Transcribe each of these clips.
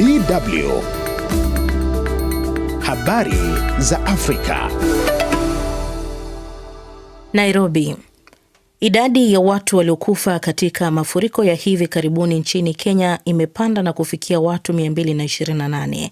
DW. Habari za Afrika. Nairobi. Idadi ya watu waliokufa katika mafuriko ya hivi karibuni nchini Kenya imepanda na kufikia watu 228.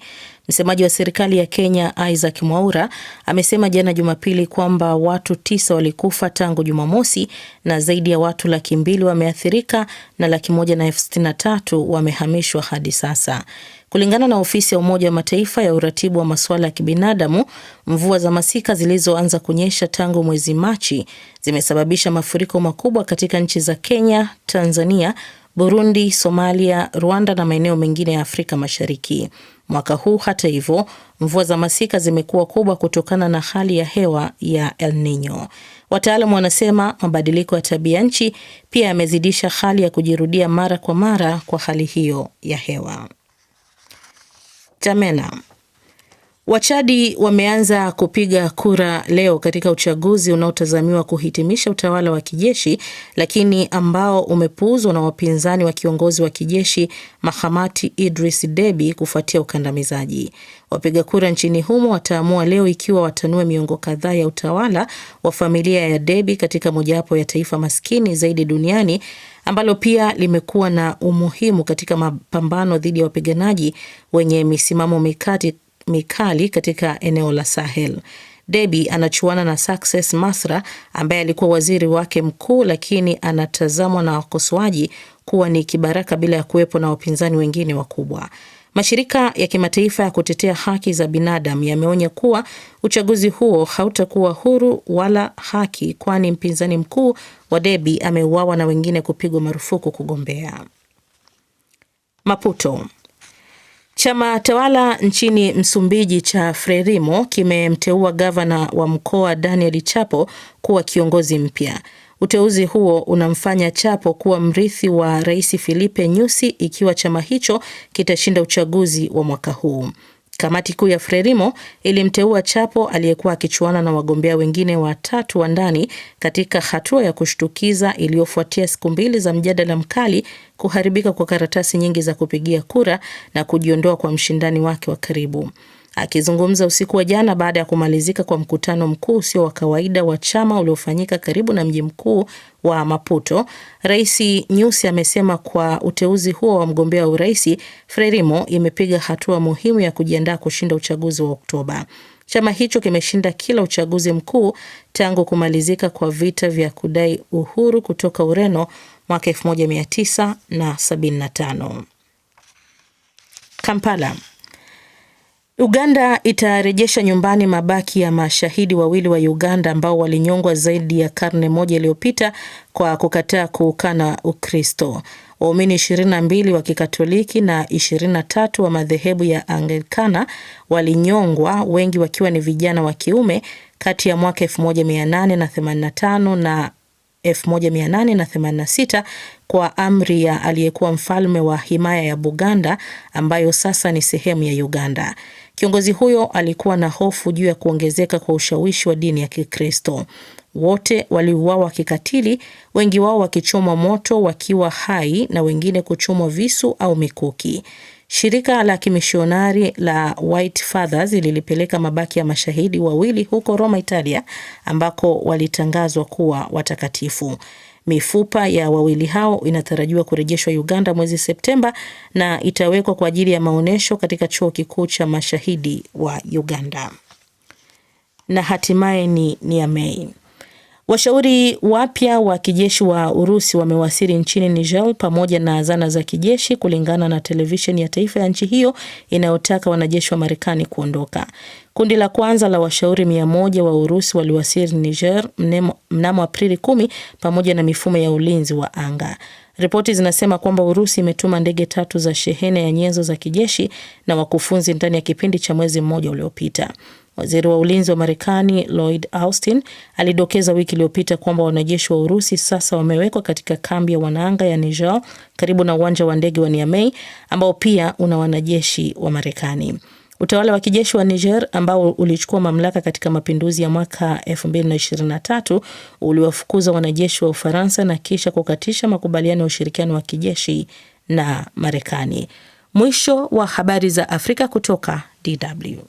Msemaji wa serikali ya Kenya Isaac Mwaura amesema jana Jumapili kwamba watu tisa walikufa tangu Jumamosi na zaidi ya watu laki mbili wameathirika na laki moja na elfu sitini na tatu wamehamishwa hadi sasa. Kulingana na ofisi ya Umoja wa Mataifa ya uratibu wa masuala ya kibinadamu, mvua za masika zilizoanza kunyesha tangu mwezi Machi zimesababisha mafuriko makubwa katika nchi za Kenya, Tanzania, Burundi, Somalia, Rwanda na maeneo mengine ya Afrika Mashariki. Mwaka huu hata hivyo, mvua za masika zimekuwa kubwa kutokana na hali ya hewa ya El Nino. Wataalamu wanasema mabadiliko ya tabia nchi pia yamezidisha hali ya kujirudia mara kwa mara kwa hali hiyo ya hewa. cha mẹ nào Wachadi wameanza kupiga kura leo katika uchaguzi unaotazamiwa kuhitimisha utawala wa kijeshi lakini ambao umepuuzwa na wapinzani wa kiongozi wa kijeshi Mahamati Idris Deby kufuatia ukandamizaji. Wapiga kura nchini humo wataamua leo ikiwa watanue miongo kadhaa ya utawala wa familia ya Deby katika mojawapo ya taifa maskini zaidi duniani ambalo pia limekuwa na umuhimu katika mapambano dhidi ya wapiganaji wenye misimamo mikali mikali katika eneo la Sahel. Debi anachuana na Success Masra ambaye alikuwa waziri wake mkuu, lakini anatazamwa na wakosoaji kuwa ni kibaraka bila ya kuwepo na wapinzani wengine wakubwa. Mashirika ya kimataifa ya kutetea haki za binadamu yameonya kuwa uchaguzi huo hautakuwa huru wala haki, kwani mpinzani mkuu wa Debi ameuawa na wengine kupigwa marufuku kugombea. Maputo. Chama tawala nchini Msumbiji cha Frelimo kimemteua gavana wa mkoa Daniel Chapo kuwa kiongozi mpya. Uteuzi huo unamfanya Chapo kuwa mrithi wa Rais Filipe Nyusi ikiwa chama hicho kitashinda uchaguzi wa mwaka huu. Kamati kuu ya Frelimo ilimteua Chapo aliyekuwa akichuana na wagombea wengine watatu wa ndani katika hatua ya kushtukiza iliyofuatia siku mbili za mjadala mkali, kuharibika kwa karatasi nyingi za kupigia kura na kujiondoa kwa mshindani wake wa karibu. Akizungumza usiku wa jana baada ya kumalizika kwa mkutano mkuu usio wa kawaida wa chama uliofanyika karibu na mji mkuu wa Maputo, Rais Nyusi amesema kwa uteuzi huo wa mgombea wa urais, Frelimo imepiga hatua muhimu ya kujiandaa kushinda uchaguzi wa Oktoba. Chama hicho kimeshinda kila uchaguzi mkuu tangu kumalizika kwa vita vya kudai uhuru kutoka Ureno mwaka 1975. Kampala. Uganda itarejesha nyumbani mabaki ya mashahidi wawili wa Uganda ambao walinyongwa zaidi ya karne moja iliyopita kwa kukataa kuukana Ukristo. Waumini 22 wa Kikatoliki na 23 wa madhehebu ya Anglikana walinyongwa, wengi wakiwa ni vijana wa kiume kati ya mwaka 1885 na 1886 kwa amri ya aliyekuwa mfalme wa himaya ya Buganda ambayo sasa ni sehemu ya Uganda. Kiongozi huyo alikuwa na hofu juu ya kuongezeka kwa ushawishi wa dini ya Kikristo. Wote waliuawa kikatili, wengi wao wakichomwa moto wakiwa hai na wengine kuchomwa visu au mikuki. Shirika la kimishonari la White Fathers lilipeleka mabaki ya mashahidi wawili huko Roma, Italia, ambako walitangazwa kuwa watakatifu. Mifupa ya wawili hao inatarajiwa kurejeshwa Uganda mwezi Septemba na itawekwa kwa ajili ya maonyesho katika chuo kikuu cha mashahidi wa Uganda. Na hatimaye ni Niamey. Washauri wapya wa kijeshi wa Urusi wamewasili nchini Niger pamoja na zana za kijeshi, kulingana na televisheni ya taifa ya nchi hiyo inayotaka wanajeshi wa Marekani kuondoka. Kundi la kwanza la washauri mia moja wa Urusi waliwasili Niger mnamo Aprili kumi pamoja na mifumo ya ulinzi wa anga. Ripoti zinasema kwamba Urusi imetuma ndege tatu za shehena ya nyenzo za kijeshi na wakufunzi ndani ya kipindi cha mwezi mmoja uliopita. Waziri wa ulinzi wa Marekani Lloyd Austin alidokeza wiki iliyopita kwamba wanajeshi wa Urusi sasa wamewekwa katika kambi ya wanaanga ya Niger karibu na uwanja wa ndege wa Niamey ambao pia una wanajeshi wa Marekani. Utawala wa kijeshi wa Niger ambao ulichukua mamlaka katika mapinduzi ya mwaka 2023 uliwafukuza wanajeshi wa Ufaransa na kisha kukatisha makubaliano ya ushirikiano wa kijeshi na Marekani. Mwisho wa habari za Afrika kutoka DW.